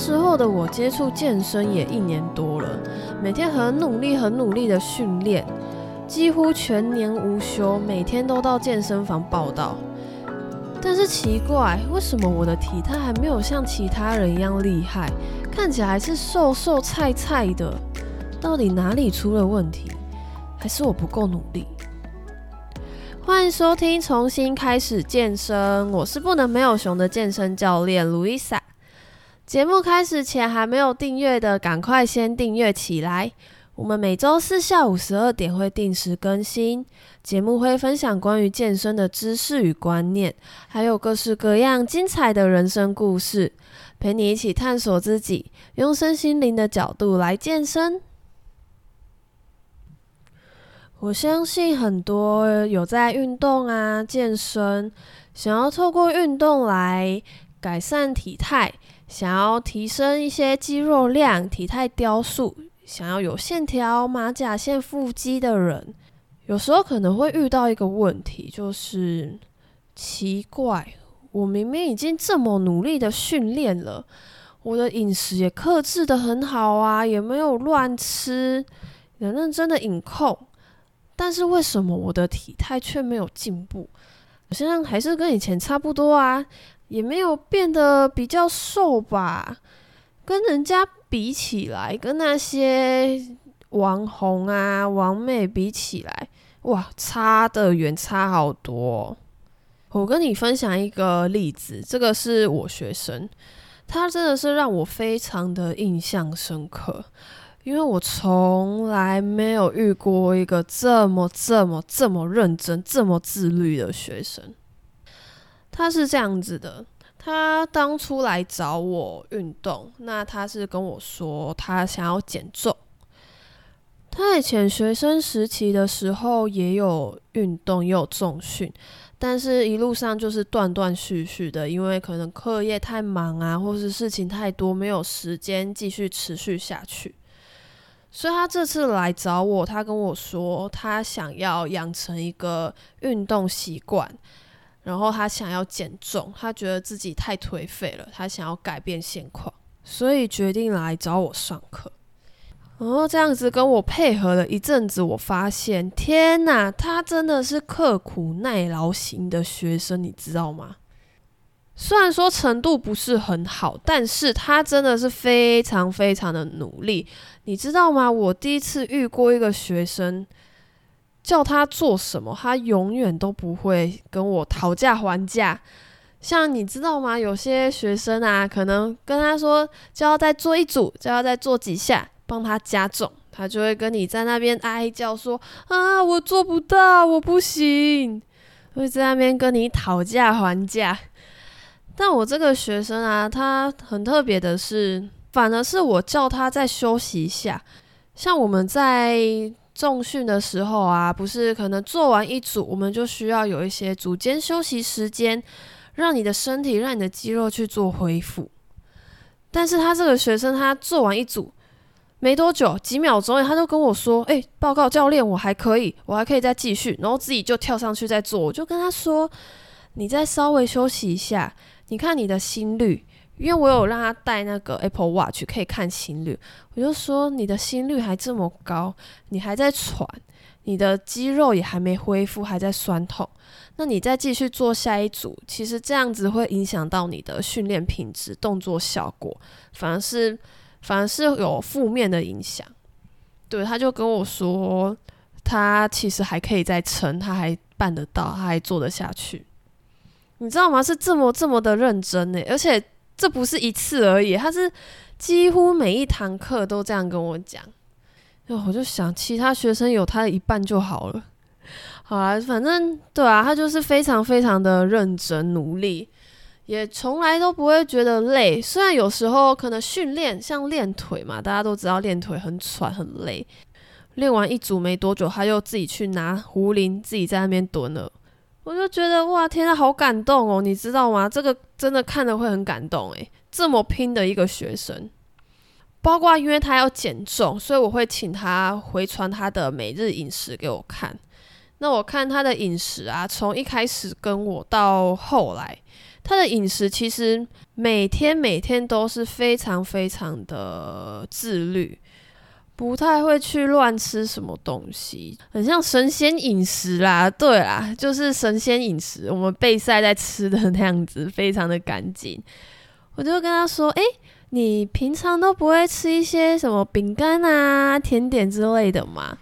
時候的我接觸健身也一年多了，每天很努力、很努力的訓練，幾乎全年無休，每天都到健身房報到。但是奇怪，為什麼我的體態還沒有像其他人一樣厲害？看起來是瘦瘦菜菜的，到底哪裡出了問題？還是我不夠努力？歡迎收聽重新開始健身，我是不能沒有熊的健身教練，露易莎。節目開始前還沒有訂閱的，趕快先訂閱起來。我們每周四下午十二點會定時更新，節目會分享關於健身的知識與觀念，還有各式各樣精彩的人生故事，陪你一起探索自己，用身心靈的角度來健身。我相信很多有在運動啊、健身，想要透過運動來改善體態。想要提升一些肌肉量、體態雕塑，想要有線條、馬甲線、腹肌的人，有時候可能會遇到一個問題，就是奇怪，我明明已經這麼努力的訓練了，我的飲食也克制得很好啊，也沒有亂吃，能認真的飲控，但是為什麼我的體態卻沒有進步？我現在還是跟以前差不多啊。也沒有變得比較瘦吧，跟人家比起來，跟那些網紅啊、網美比起來，哇，差得遠，差好多哦。我跟你分享一個例子，這個是我學生，他真的是讓我非常的印象深刻，因為我從來沒有遇過一個這麼、這麼、這麼認真、這麼自律的學生。他是這樣子的，他當初來找我運動，那他是跟我說他想要減重。他以前學生時期的時候也有運動，也有重訓，但是一路上就是斷斷續續的，因為可能課業太忙啊，或是事情太多，沒有時間繼續持續下去。所以他這次來找我，他跟我說他想要養成一個運動習慣。然後他想要減重，他覺得自己太頹廢了，他想要改變現況，所以決定來找我上課。然後這樣子跟我配合了一陣子，我發現，天哪，他真的是刻苦耐勞型的學生，你知道嗎？雖然說程度不是很好，但是他真的是非常非常的努力，你知道嗎？我第一次遇過一個學生。叫他做什麼，他永遠都不會跟我討價還價。像你知道嗎？有些學生啊，可能跟他說就要再做一組，就要再做幾下，幫他加重，他就會跟你在那邊哀叫說：“啊，我做不到，我不行。”會在那邊跟你討價還價。但我這個學生啊，他很特別的是，反而是我叫他再休息一下。像我們在。重訓的時候啊，不是可能做完一組，我們就需要有一些組間休息時間，讓你的身體，讓你的肌肉去做恢復。但是他這個學生，他做完一組沒多久，幾秒鐘，他就跟我說：“哎、欸，報告教練，我還可以，我還可以再繼續。”然後自己就跳上去再做。我就跟他說：“你再稍微休息一下，你看你的心率。”因為我有讓他帶那個 Apple Watch，可以看心率。我就說，你的心率還這麼高，你還在喘，你的肌肉也還沒恢復，還在痠痛。那你再繼續做下一組，其實這樣子會影響到你的訓練品質、動作效果，反而是反而是有負面的影響。對，他就跟我說，他其實還可以再撐，他還辦得到，他還做得下去。你知道嗎？是這麼這麼的認真呢，而且。這不是一次而已，他是幾乎每一堂課都這樣跟我講，那我就想，其他學生有他的一半就好了。好啊，反正對啊，他就是非常非常的認真努力，也從來都不會覺得累。雖然有時候可能訓練像練腿嘛，大家都知道練腿很喘很累，練完一組沒多久，他又自己去拿壺鈴，自己在那邊蹲了。我就覺得哇，天啊，好感動哦！你知道嗎？這個真的看了會很感動誒。這麼拼的一個學生，包括因為他要減重，所以我會請他回傳他的每日飲食給我看。那我看他的飲食啊，從一開始跟我到後來，他的飲食其實每天每天都是非常非常的自律。不太會去亂吃什麼東西，很像神仙飲食啦。對啦，就是神仙飲食，我們備賽在吃的那樣子，非常的乾淨。我就跟他說：“誒、欸，你平常都不會吃一些什麼餅乾啊、甜點之類的嗎？”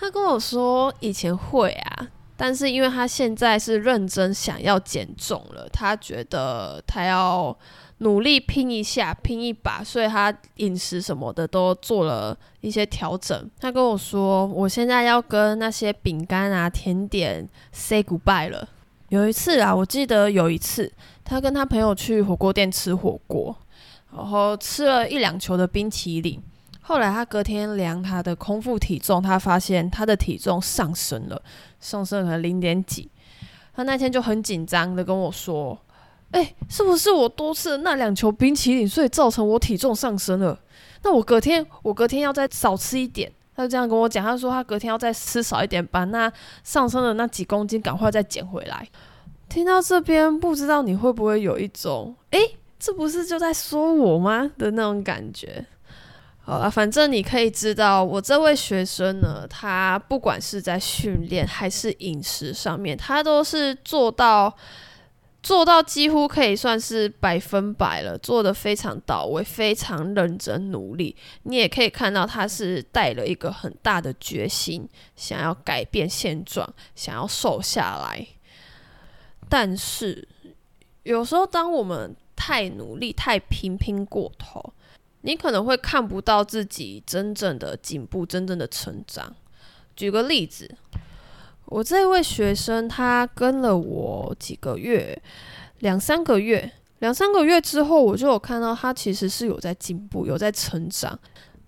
他跟我說：“以前會啊，但是因為他現在是認真想要減重了，他覺得他要。”努力拼一下，拼一把，所以他飲食什麼的都做了一些調整。他跟我說，我現在要跟那些餅乾啊、甜點 say goodbye 了。有一次啊，我記得有一次，他跟他朋友去火鍋店吃火鍋，然後吃了一兩球的冰淇淋。後來他隔天量他的空腹體重，他發現他的體重上升了，上升了零點幾。他那天就很緊張的跟我說。哎、欸，是不是我多吃那兩球冰淇淋，所以造成我體重上升了？那我隔天，我隔天要再少吃一點。他就這樣跟我講，他說他隔天要再吃少一點，把那上升的那幾公斤趕快再減回來。聽到這邊，不知道你會不會有一種，哎、欸，這不是就在說我嗎？的那種感覺。好了，反正你可以知道，我這位學生呢，他不管是在訓練還是飲食上面，他都是做到。做到幾乎可以算是百分百了，做得非常到位，非常認真努力。你也可以看到，他是帶了一個很大的決心，想要改變現狀，想要瘦下來。但是，有時候當我們太努力、太拼拼過頭，你可能會看不到自己真正的進步、真正的成長。舉個例子。我這位學生，他跟了我幾個月，兩三個月，兩三個月之後，我就有看到他其實是有在進步，有在成長。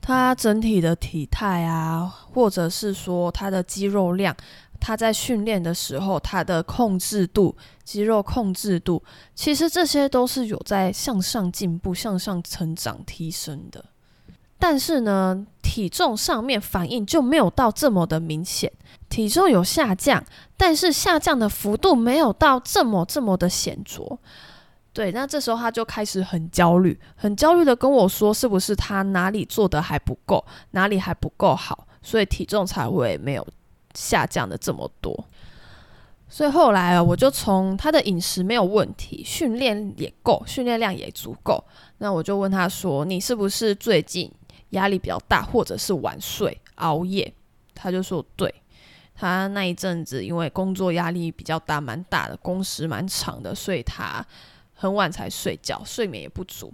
他整體的體態啊，或者是說他的肌肉量，他在訓練的時候，他的控制度，肌肉控制度，其實這些都是有在向上進步、向上成長提升的。但是呢，體重上面反應就沒有到這麼的明顯。體重有下降，但是下降的幅度沒有到這麼這麼的顯著。對，那這時候他就開始很焦慮，很焦慮的跟我說：“是不是他哪裡做得還不夠，哪裡還不夠好，所以體重才會沒有下降的這麼多？”所以後來啊，我就從他的飲食沒有問題，訓練也夠，訓練量也足夠。那我就問他說：“你是不是最近壓力比較大，或者是晚睡，熬夜？”他就說：“對。”他那一陣子因為工作壓力比較大，蠻大的，工時蠻長的，所以他很晚才睡覺，睡眠也不足。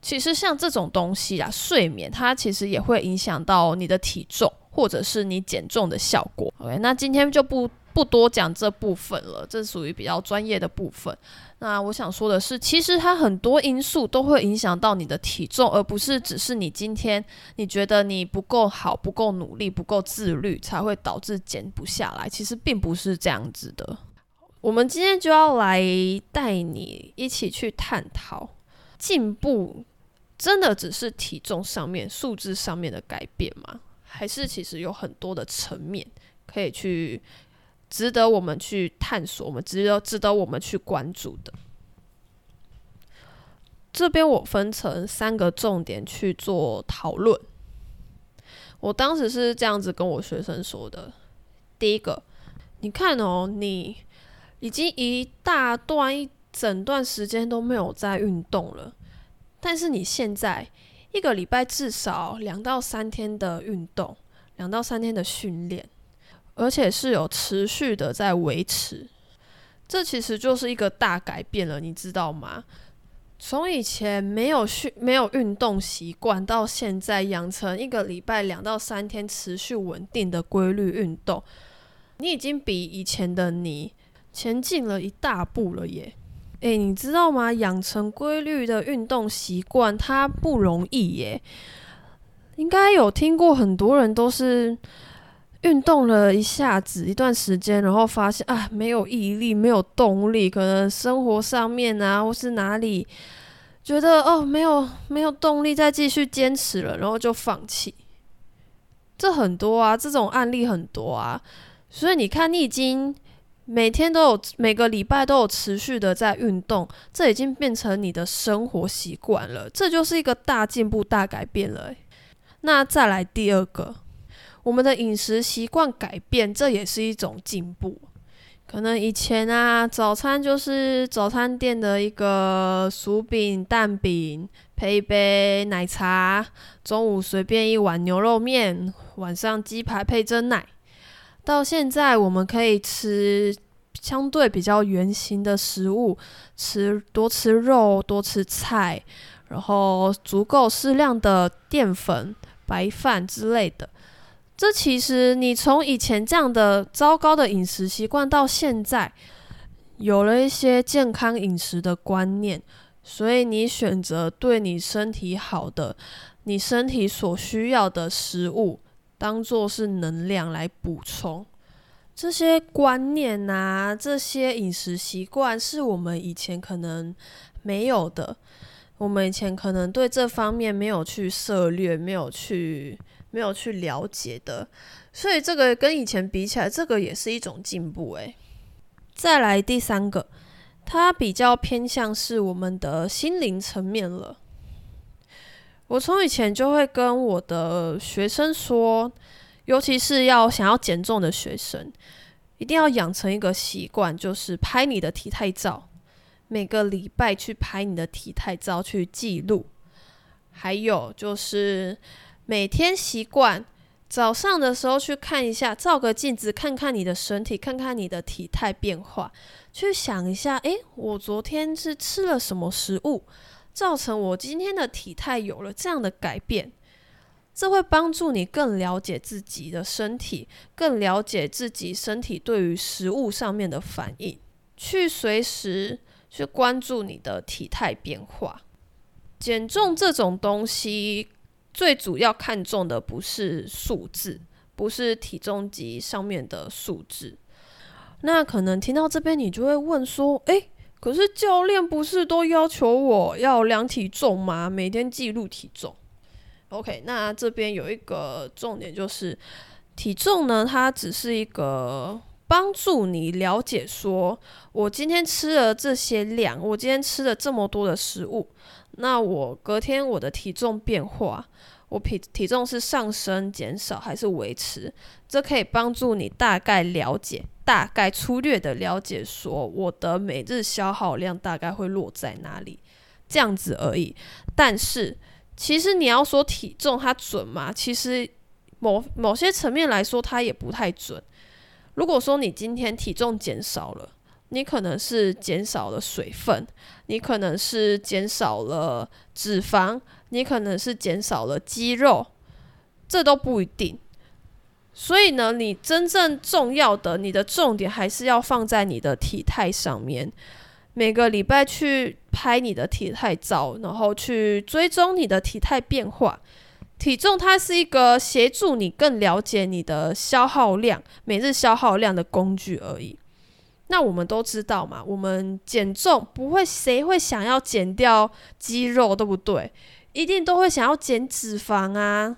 其實像這種東西啊，睡眠它其實也會影響到你的體重，或者是你減重的效果。OK，那今天就不。不多講這部分了，這屬於比較專業的部分。那我想說的是，其實它很多因素都會影響到你的體重，而不是只是你今天你覺得你不夠好、不夠努力、不夠自律才會導致減不下來。其實並不是這樣子的。我們今天就要來帶你一起去探討，進步真的只是體重上面、數字上面的改變嗎？還是其實有很多的層面可以去。值得我們去探索，我們值得值得我們去關注的。這邊我分成三個重點去做討論。我當時是這樣子跟我學生說的，第一個，你看哦，你已經一大段，一整段時間都沒有在運動了，但是你現在一個禮拜至少兩到三天的運動，兩到三天的訓練。而且是有持續的在維持，這其實就是一個大改變了，你知道嗎？從以前沒有訓沒有運動習慣，到現在養成一個禮拜兩到三天持續穩定的規律運動，你已經比以前的你前進了一大步了耶！誒，你知道嗎？養成規律的運動習慣，它不容易耶。應該有聽過很多人都是。運動了一下子一段時間，然後發現啊，沒有毅力，沒有動力，可能生活上面啊，或是哪裡覺得哦，沒有沒有動力再繼續堅持了，然後就放棄。這很多啊，這種案例很多啊，所以你看，你已經每天都有，每個禮拜都有持續的在運動，這已經變成你的生活習慣了，這就是一個大進步、大改變了。那再來第二個。我們的飲食習慣改變，這也是一種進步。可能以前啊，早餐就是早餐店的一個薯餅、蛋餅，配一杯奶茶；中午隨便一碗牛肉麵；晚上雞排配蒸奶。到現在，我們可以吃相對比較原型的食物，吃多吃肉，多吃菜，然後足夠適量的澱粉、白飯之類的。這其實，你從以前這樣的糟糕的飲食習慣，到現在有了一些健康飲食的觀念，所以你選擇對你身體好的、你身體所需要的食物，當作是能量來補充。這些觀念啊，這些飲食習慣，是我們以前可能沒有的，我們以前可能對這方面沒有去涉獵，沒有去。沒有去了解的，所以這個跟以前比起來，這個也是一種進步誒、欸，再來第三個，它比較偏向是我們的心靈層面了。我從以前就會跟我的學生說，尤其是要想要減重的學生，一定要養成一個習慣，就是拍你的體態照，每個禮拜去拍你的體態照去記錄，還有就是。每天習慣早上的時候去看一下，照個鏡子，看看你的身體，看看你的體態變化，去想一下，誒、欸，我昨天是吃了什麼食物，造成我今天的體態有了這樣的改變？這會幫助你更了解自己的身體，更了解自己身體對於食物上面的反應，去隨時去關注你的體態變化。減重這種東西。最主要看重的不是數字，不是體重機上面的數字。那可能聽到這邊，你就會問說：“誒，可是教練不是都要求我要量體重嗎？每天記錄體重。” OK，那這邊有一個重點就是，體重呢，它只是一個幫助你了解說我今天吃了這些量，我今天吃了這麼多的食物。那我隔天我的體重變化，我體體重是上升、減少還是維持？這可以幫助你大概了解，大概粗略的了解說我的每日消耗量大概會落在哪裡，這樣子而已。但是其實你要說體重它準嗎？其實某某些層面來說它也不太準。如果說你今天體重減少了，你可能是減少了水分，你可能是減少了脂肪，你可能是減少了肌肉，這都不一定。所以呢，你真正重要的，你的重點還是要放在你的體態上面。每個禮拜去拍你的體態照，然後去追蹤你的體態變化。體重它是一個協助你更了解你的消耗量、每日消耗量的工具而已。那我們都知道嘛，我們減重不會，誰會想要減掉肌肉對不對？一定都會想要減脂肪啊。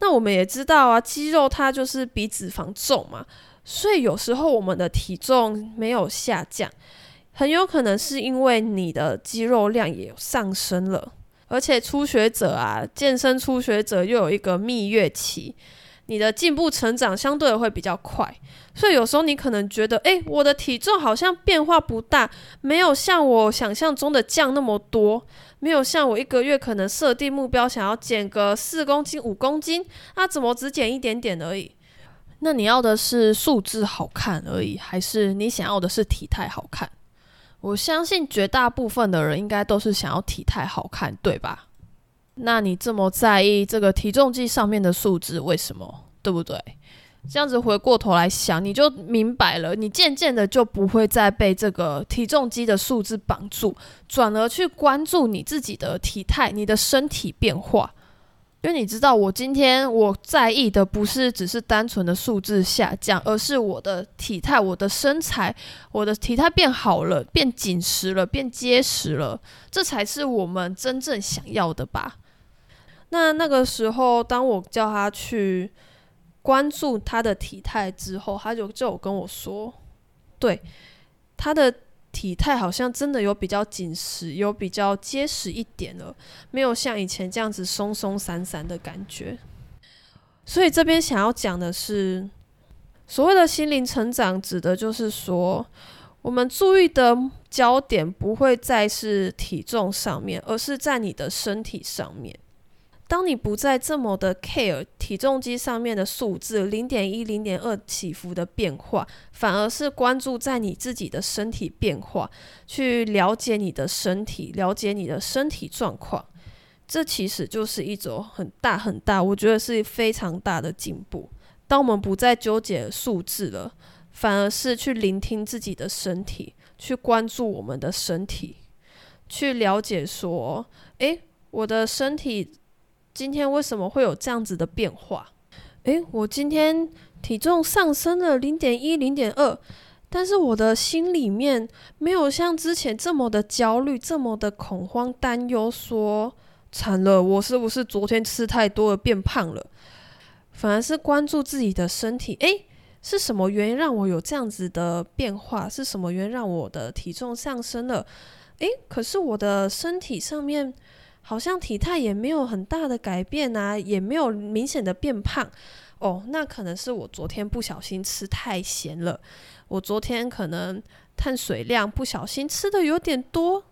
那我們也知道啊，肌肉它就是比脂肪重嘛，所以有時候我們的體重沒有下降，很有可能是因為你的肌肉量也上升了，而且初學者啊，健身初學者又有一個蜜月期。你的進步成長相對的會比較快，所以有時候你可能覺得，誒、欸，我的體重好像變化不大，沒有像我想象中的降那麼多，沒有像我一個月可能設定目標想要減個四公斤、五公斤，那、啊、怎麼只減一點點而已？那你要的是數字好看而已，還是你想要的是體態好看？我相信絕大部分的人應該都是想要體態好看，對吧？那你這麼在意這個體重機上面的數字，為什麼？對不對？這樣子回過頭來想，你就明白了。你漸漸的就不會再被這個體重機的數字綁住，轉而去關注你自己的體態、你的身體變化。因為你知道，我今天我在意的不是只是單純的數字下降，而是我的體態、我的身材、我的體態變好了、變緊實了、變結實了，這才是我們真正想要的吧。那那個時候，當我叫他去關注他的體態之後，他就就跟我說：“對，他的體態好像真的有比較緊實，有比較結實一點了，沒有像以前這樣子鬆鬆散散的感覺。”所以這邊想要講的是，所謂的心靈成長，指的就是說，我們注意的焦點不會再是體重上面，而是在你的身體上面。當你不再這麼的 care，體重機上面的數字零點一、零點二起伏的變化，反而是關注在你自己的身體變化，去了解你的身體，了解你的身體狀況，這其實就是一種很大很大，我覺得是非常大的進步。當我們不再糾結數字了，反而是去聆聽自己的身體，去關注我們的身體，去了解說：誒，我的身體。今天為什麼會有這樣子的變化？誒，我今天體重上升了零點一、零點二，但是我的心裡面沒有像之前這麼的焦慮、這麼的恐慌、擔憂說，說慘了，我是不是昨天吃太多了變胖了？反而是關注自己的身體。誒，是什麼原因讓我有這樣子的變化？是什麼原因讓我的體重上升了？誒，可是我的身體上面。好像體態也沒有很大的改變啊，也沒有明顯的變胖哦，那可能是我昨天不小心吃太鹹了，我昨天可能碳水量不小心吃得有點多，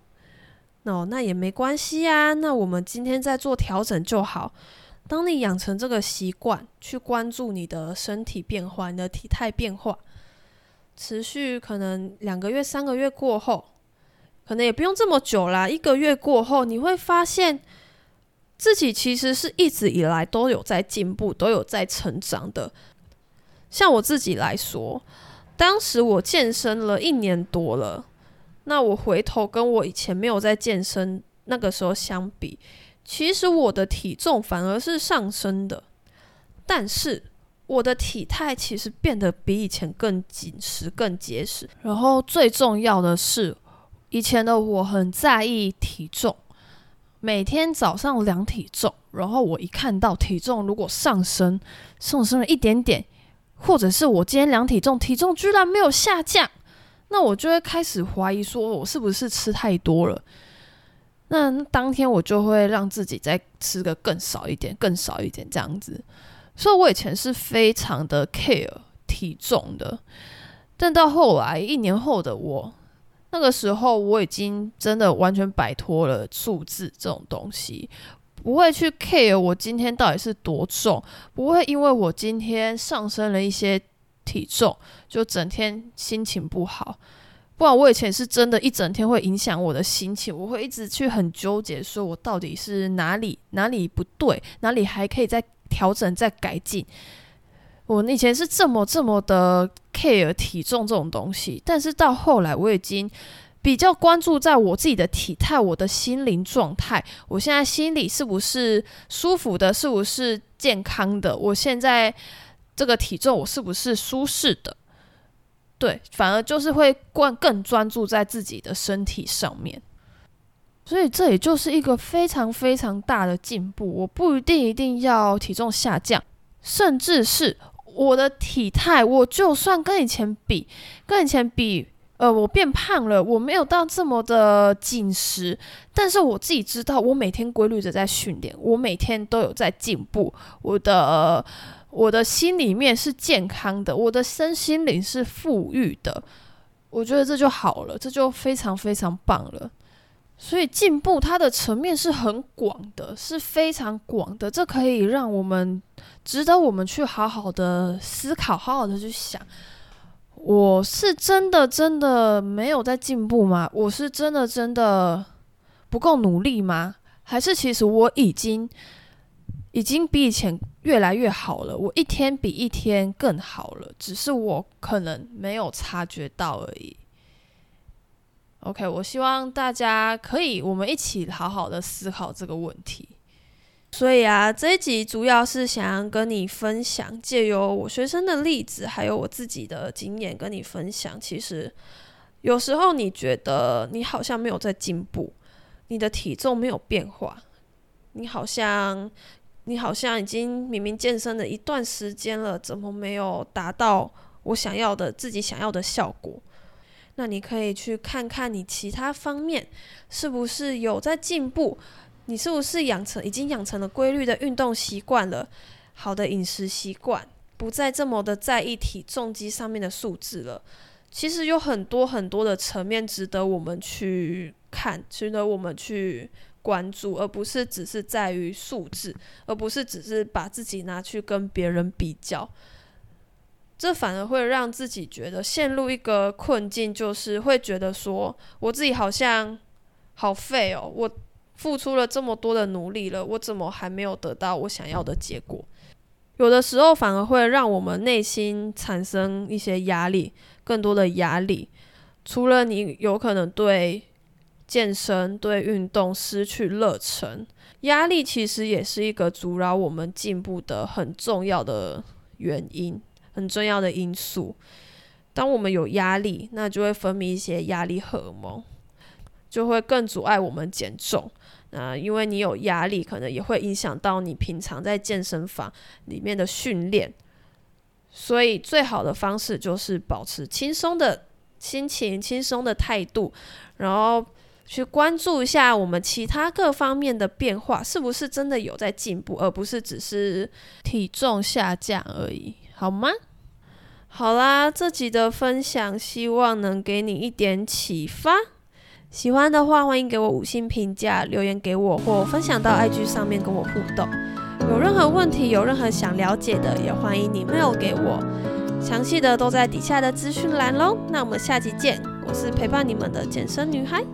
哦，那也沒關係呀，啊，那我們今天再做調整就好。當你養成這個習慣，去關注你的身體變化，你的體態變化，持續可能兩個月，三個月過後，可能也不用這麼久啦，一個月過後，你會發現自己其實是一直以來都有在進步，都有在成長的。像我自己來說，當時我健身了一年多了，那我回頭跟我以前沒有在健身那個時候相比，其實我的體重反而是上升的，但是我的體態其實變得比以前更緊實、更結實，然後最重要的是，以前的我很在意體重，每天早上量體重，然後我一看到體重如果上升，上升了一點點，或者是我今天量體重，體重居然沒有下降，那我就會開始懷疑說我是不是吃太多了。那當天我就會讓自己再吃個更少一點，更少一點這樣子。所以，我以前是非常的 care 體重的，但到後來一年後的我，那個時候我已經真的完全擺脫了數字這種東西，不會去 care 我今天到底是多重，不會因為我今天上升了一些體重就整天心情不好。不然我以前是真的一整天會影響我的心情，我會一直去很糾結，說我到底是哪裡哪裡不對，哪裡還可以再調整再改進。我以前是這麼這麼的 care 體重這種東西，但是到後來我已經比較關注在我自己的體態、我的心靈狀態。我現在心裡是不是舒服的？是不是健康的？我現在這個體重我是不是舒適的？對，反而就是會關更專注在自己的身體上面。所以這也就是一個非常非常大的進步。我不一定一定要體重下降，甚至是。我的體態，我就算跟以前比，跟以前比，呃，我變胖了，我沒有到這麼的緊實。但是我自己知道，我每天規律的在訓練，我每天都有在進步。我的我的心裡面是健康的，我的身心靈是富裕的。我覺得這就好了，這就非常非常棒了。所以進步它的層面是很廣的，是非常廣的。這可以讓我們。值得我們去好好的思考，好好的去想。我是真的真的沒有在進步嗎？我是真的真的不夠努力嗎？還是其實我已經已經比以前越來越好了，我一天比一天更好了，只是我可能沒有察覺到而已。OK，我希望大家可以我們一起好好的思考這個問題。所以啊，這一集主要是想跟你分享，借由我學生的例子，還有我自己的經驗，跟你分享。其實有時候你覺得你好像沒有在進步，你的體重沒有變化，你好像你好像已經明明健身了一段時間了，怎麼沒有達到我想要的自己想要的效果？那你可以去看看你其他方面是不是有在進步。你是不是養成已經養成了規律的運動習慣了，好的飲食習慣，不再這麼的在意體重機上面的數字了？其實有很多很多的層面值得我們去看，值得我們去關注，而不是只是在於數字，而不是只是把自己拿去跟別人比較，這反而會讓自己覺得陷入一個困境，就是會覺得說，我自己好像好廢哦，我。付出了這麼多的努力了，我怎麼還沒有得到我想要的結果？有的時候反而會讓我們內心產生一些壓力，更多的壓力。除了你有可能對健身、對運動失去熱忱，壓力其實也是一個阻撓我們進步的很重要的原因，很重要的因素。當我們有壓力，那就會分泌一些壓力荷爾蒙，就會更阻礙我們減重。啊，因為你有壓力，可能也會影響到你平常在健身房裡面的訓練，所以最好的方式就是保持輕鬆的心情、輕鬆的態度，然後去關注一下我們其他各方面的變化，是不是真的有在進步，而不是只是體重下降而已，好嗎？好啦，這集的分享，希望能給你一點啟發。喜歡的話，歡迎給我五星評價，留言給我，或分享到 IG 上面跟我互動。有任何問題，有任何想了解的，也歡迎你 mail 給我。詳細的都在底下的資訊欄嘍。那我們下期見，我是陪伴你們的健身女孩。